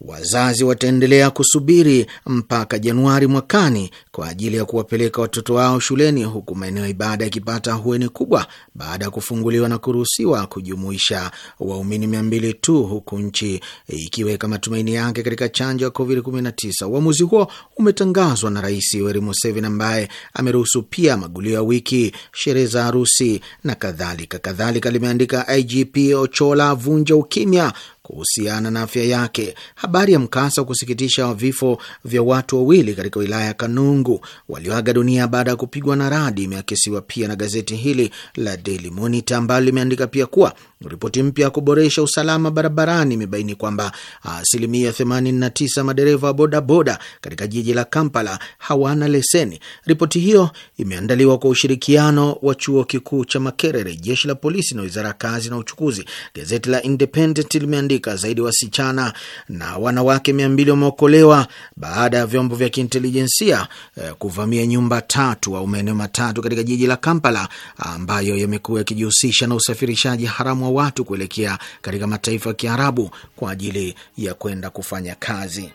Wazazi wataendelea kusubiri mpaka Januari mwakani kwa ajili ya kuwapeleka watoto wao shuleni, huku maeneo ya ibada yakipata hueni kubwa baada ya kufunguliwa na kuruhusiwa kujumuisha waumini mia mbili tu, huku nchi ikiweka matumaini yake katika chanjo ya COVID-19. Uamuzi huo umetangazwa na Rais Yoweri Museveni ambaye ameruhusu pia magulio ya wiki, sherehe za harusi na kadhalika kadhalika, limeandika IGP Ochola, vunja ukimya kuhusiana na afya yake. Habari ya mkasa wa kusikitisha wa vifo vya watu wawili katika wilaya ya Kanungu walioaga dunia baada ya kupigwa na radi imeakisiwa pia na gazeti hili la Daily Monitor ambalo limeandika pia kuwa ripoti mpya ya kuboresha usalama barabarani imebaini kwamba asilimia 89 madereva wa bodaboda katika jiji la Kampala hawana leseni. Ripoti hiyo imeandaliwa kwa ushirikiano wa chuo kikuu cha Makerere, jeshi la polisi na wizara ya kazi na uchukuzi. Gazeti la Independent limeandika Afrika, zaidi wasichana na wanawake mia mbili wameokolewa baada ya vyombo vya kiintelijensia eh, kuvamia nyumba tatu au maeneo matatu katika jiji la Kampala ambayo yamekuwa yakijihusisha na usafirishaji haramu wa watu kuelekea katika mataifa ya Kiarabu kwa ajili ya kwenda kufanya kazi.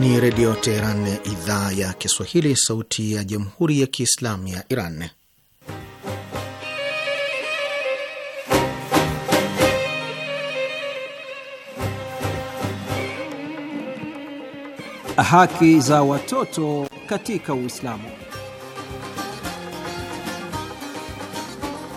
Ni Redio Teheran, idhaa ya Kiswahili, sauti ya Jamhuri ya Kiislamu ya Iran. Haki za watoto katika Uislamu.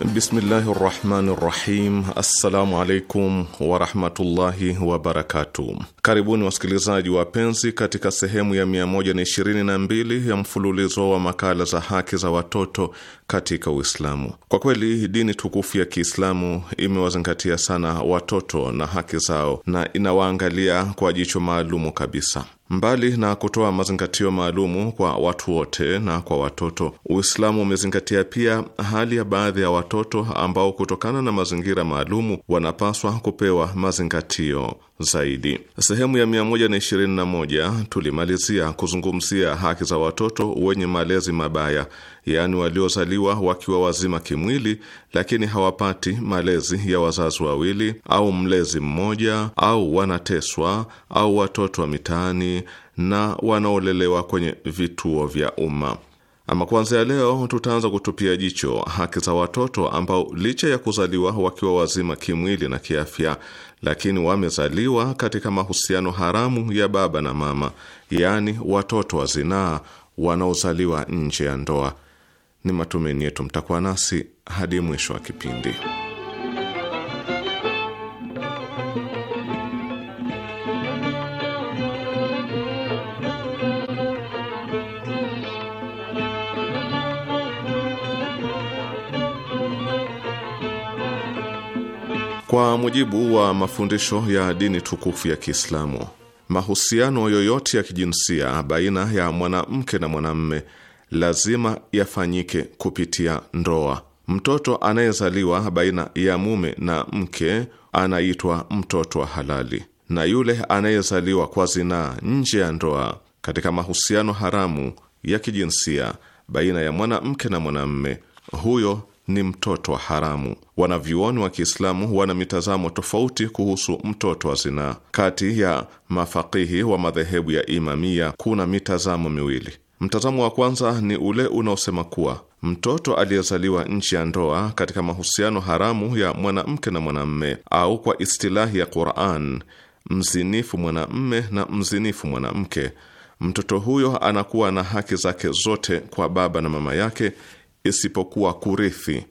Bismillahi rahmani rahim. Assalamu alaikum warahmatullahi wabarakatuh. Karibuni wasikilizaji wapenzi, katika sehemu ya 122 ya mfululizo wa makala za haki za watoto katika Uislamu. Kwa kweli dini tukufu ya Kiislamu imewazingatia sana watoto na haki zao na inawaangalia kwa jicho maalumu kabisa. Mbali na kutoa mazingatio maalumu kwa watu wote na kwa watoto, Uislamu umezingatia pia hali ya baadhi ya watoto ambao kutokana na mazingira maalumu wanapaswa kupewa mazingatio zaidi. Sehemu ya 121 tulimalizia kuzungumzia haki za watoto wenye malezi mabaya, yaani waliozaliwa wakiwa wazima kimwili, lakini hawapati malezi ya wazazi wawili au mlezi mmoja, au wanateswa au watoto wa mitaani na wanaolelewa kwenye vituo vya umma. Ama kuanzia leo tutaanza kutupia jicho haki za watoto ambao licha ya kuzaliwa wakiwa wazima kimwili na kiafya, lakini wamezaliwa katika mahusiano haramu ya baba na mama, yaani watoto wa zinaa wanaozaliwa nje ya ndoa. Ni matumaini yetu mtakuwa nasi hadi mwisho wa kipindi. Kwa mujibu wa mafundisho ya dini tukufu ya Kiislamu, mahusiano yoyote ya kijinsia baina ya mwanamke na mwanamme lazima yafanyike kupitia ndoa. Mtoto anayezaliwa baina ya mume na mke anaitwa mtoto wa halali, na yule anayezaliwa kwa zinaa nje ya ndoa katika mahusiano haramu ya kijinsia baina ya mwanamke na mwanamme, huyo ni mtoto wa haramu. Wanavyuoni wa Kiislamu wana mitazamo tofauti kuhusu mtoto wa zinaa. Kati ya mafakihi wa madhehebu ya Imamia kuna mitazamo miwili. Mtazamo wa kwanza ni ule unaosema kuwa mtoto aliyezaliwa nchi ya ndoa katika mahusiano haramu ya mwanamke na mwanamme, au kwa istilahi ya Quran, mzinifu mwanamme na mzinifu mwanamke, mtoto huyo anakuwa na haki zake zote kwa baba na mama yake isipokuwa kurithi,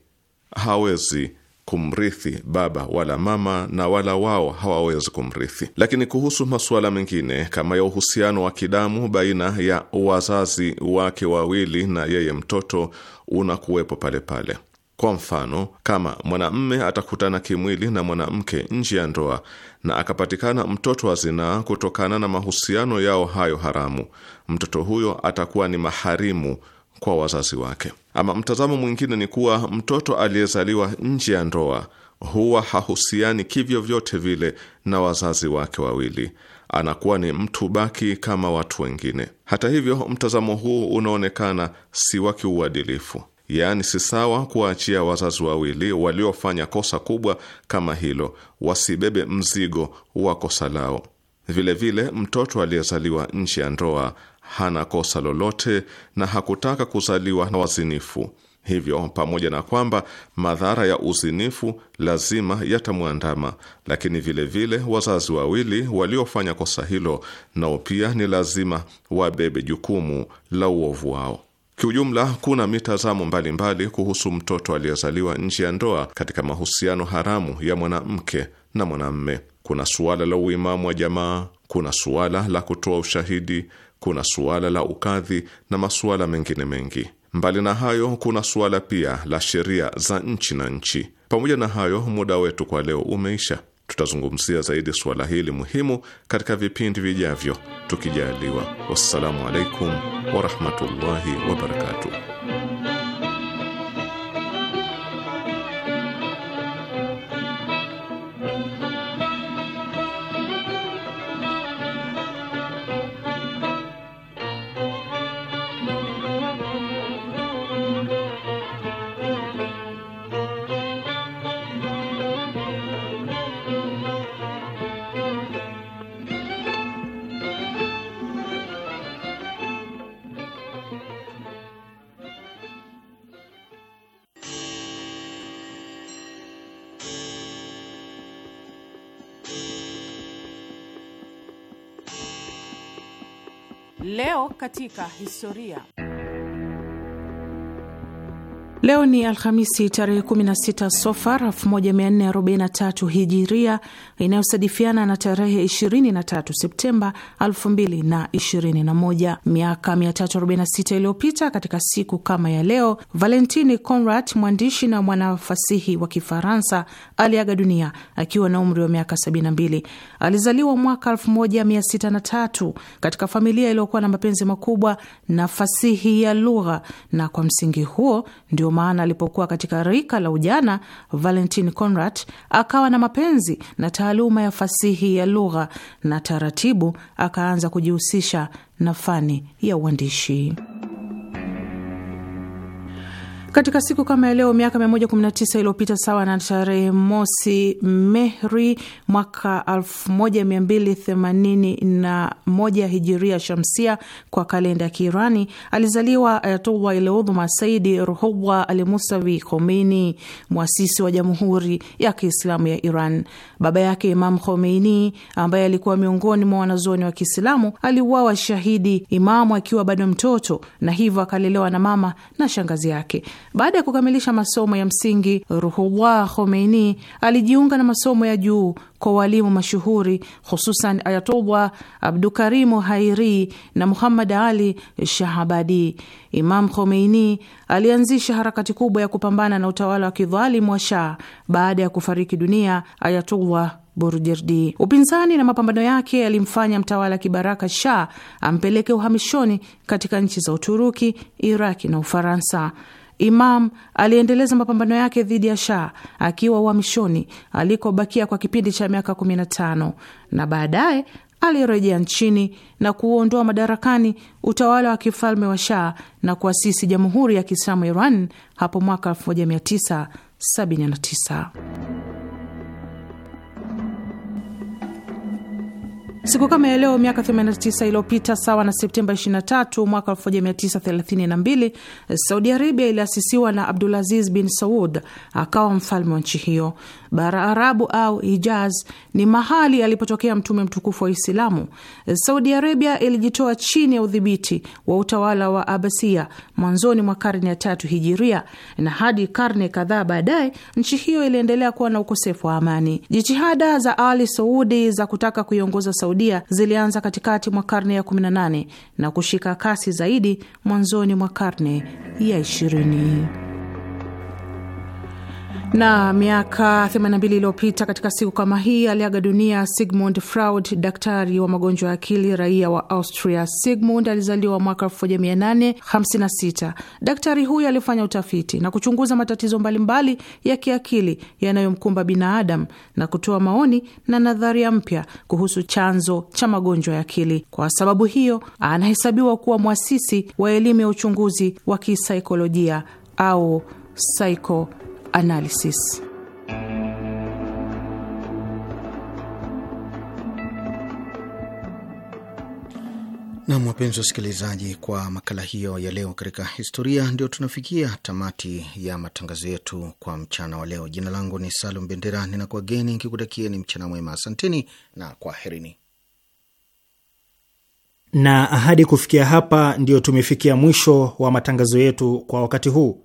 hawezi kumrithi baba wala mama, na wala wao hawawezi kumrithi. Lakini kuhusu masuala mengine kama ya uhusiano wa kidamu baina ya wazazi wake wawili na yeye mtoto unakuwepo pale pale. Kwa mfano, kama mwanamme atakutana kimwili na mwanamke nje ya ndoa na akapatikana mtoto wa zinaa kutokana na mahusiano yao hayo haramu, mtoto huyo atakuwa ni maharimu kwa wazazi wake. Ama mtazamo mwingine ni kuwa mtoto aliyezaliwa nje ya ndoa huwa hahusiani kivyo vyote vile na wazazi wake wawili, anakuwa ni mtu baki kama watu wengine. Hata hivyo, mtazamo huu unaonekana si wa kiuadilifu, yaani si sawa kuwaachia wazazi wawili waliofanya kosa kubwa kama hilo wasibebe mzigo wa kosa lao. Vilevile, mtoto aliyezaliwa nje ya ndoa hana kosa lolote na hakutaka kuzaliwa na wazinifu. Hivyo, pamoja na kwamba madhara ya uzinifu lazima yatamwandama, lakini vilevile vile, wazazi wawili waliofanya kosa hilo nao pia ni lazima wabebe jukumu la uovu wao. Kiujumla, kuna mitazamo mbalimbali kuhusu mtoto aliyezaliwa nje ya ndoa katika mahusiano haramu ya mwanamke na mwanamme. Kuna suala la uimamu wa jamaa, kuna suala la kutoa ushahidi kuna suala la ukadhi na masuala mengine mengi. Mbali na hayo, kuna suala pia la sheria za nchi na nchi. Pamoja na hayo, muda wetu kwa leo umeisha. Tutazungumzia zaidi suala hili muhimu katika vipindi vijavyo tukijaliwa. Wassalamu alaikum warahmatullahi wabarakatuh. katika historia. Leo ni Alhamisi tarehe 16 Sofar 1443 Hijiria inayosadifiana na tarehe 23 Septemba 2021. Miaka 346 iliyopita katika siku kama ya leo, Valentini Conrad, mwandishi na mwanafasihi wa Kifaransa, aliaga dunia akiwa na umri wa miaka 72. Alizaliwa mwaka 1603 katika familia iliyokuwa na mapenzi makubwa na fasihi ya lugha, na kwa msingi huo ndio maana alipokuwa katika rika la ujana, Valentin Conrad akawa na mapenzi na taaluma ya fasihi ya lugha na taratibu akaanza kujihusisha na fani ya uandishi. Katika siku kama ya leo miaka 119 iliyopita, sawa na tarehe mosi Mehri mwaka 1281 hijiria shamsia kwa kalenda ya Kiirani, alizaliwa Ayatullah Iludhuma Saidi Ruhullah Al Musawi Khomeini, mwasisi wa Jamhuri ya Kiislamu ya Iran. Baba yake Imam Khomeini, ambaye alikuwa miongoni mwa wanazuoni wa Kiislamu, aliuawa shahidi Imamu akiwa bado mtoto, na hivyo akalelewa na mama na shangazi yake. Baada ya kukamilisha masomo ya msingi, Ruhullah Khomeini alijiunga na masomo ya juu kwa walimu mashuhuri hususan ayatullah Abdukarimu Hairi na Muhammad Ali Shahabadi. Imam Khomeini alianzisha harakati kubwa ya kupambana na utawala wa kidhalimu wa Shah baada ya kufariki dunia ayatullah Burjerdi. Upinzani na mapambano yake yalimfanya mtawala kibaraka Shah ampeleke uhamishoni katika nchi za Uturuki, Iraki na Ufaransa. Imam aliendeleza mapambano yake dhidi ya Shah akiwa uhamishoni alikobakia kwa kipindi cha miaka 15 na baadaye alirejea nchini na kuuondoa madarakani utawala wa kifalme wa Shah na kuasisi Jamhuri ya Kiislamu Iran hapo mwaka 1979. Siku kama ya leo miaka 89 iliyopita, sawa na Septemba 23 mwaka 1932, Saudi Arabia iliasisiwa na Abdulaziz bin Saud akawa mfalme wa nchi hiyo. Bara Arabu au Hijaz ni mahali alipotokea mtume mtukufu wa Uislamu. Saudi Arabia ilijitoa chini ya udhibiti wa utawala wa Abasia mwanzoni mwa karne ya tatu hijiria, na hadi karne kadhaa baadaye nchi hiyo iliendelea kuwa na ukosefu wa amani. Jitihada za Ali Saudi za kutaka kuiongoza Saudia zilianza katikati mwa karne ya 18 na kushika kasi zaidi mwanzoni mwa karne ya ishirini na miaka 82 iliyopita katika siku kama hii aliaga dunia Sigmund Freud, daktari wa magonjwa ya akili, raia wa Austria. Sigmund alizaliwa mwaka 1856. Daktari huyo alifanya utafiti na kuchunguza matatizo mbalimbali ya kiakili yanayomkumba binadamu na kutoa maoni na nadharia mpya kuhusu chanzo cha magonjwa ya akili. Kwa sababu hiyo, anahesabiwa kuwa mwasisi wa elimu ya uchunguzi wa kisaikolojia au psycho analysis. Nam, wapenzi wasikilizaji, kwa makala hiyo ya leo katika historia, ndio tunafikia tamati ya matangazo yetu kwa mchana wa leo. Jina langu ni Salum Bendera, ninakuwageni nikikutakieni mchana mwema. Asanteni na kwaherini. Na ahadi kufikia hapa, ndio tumefikia mwisho wa matangazo yetu kwa wakati huu.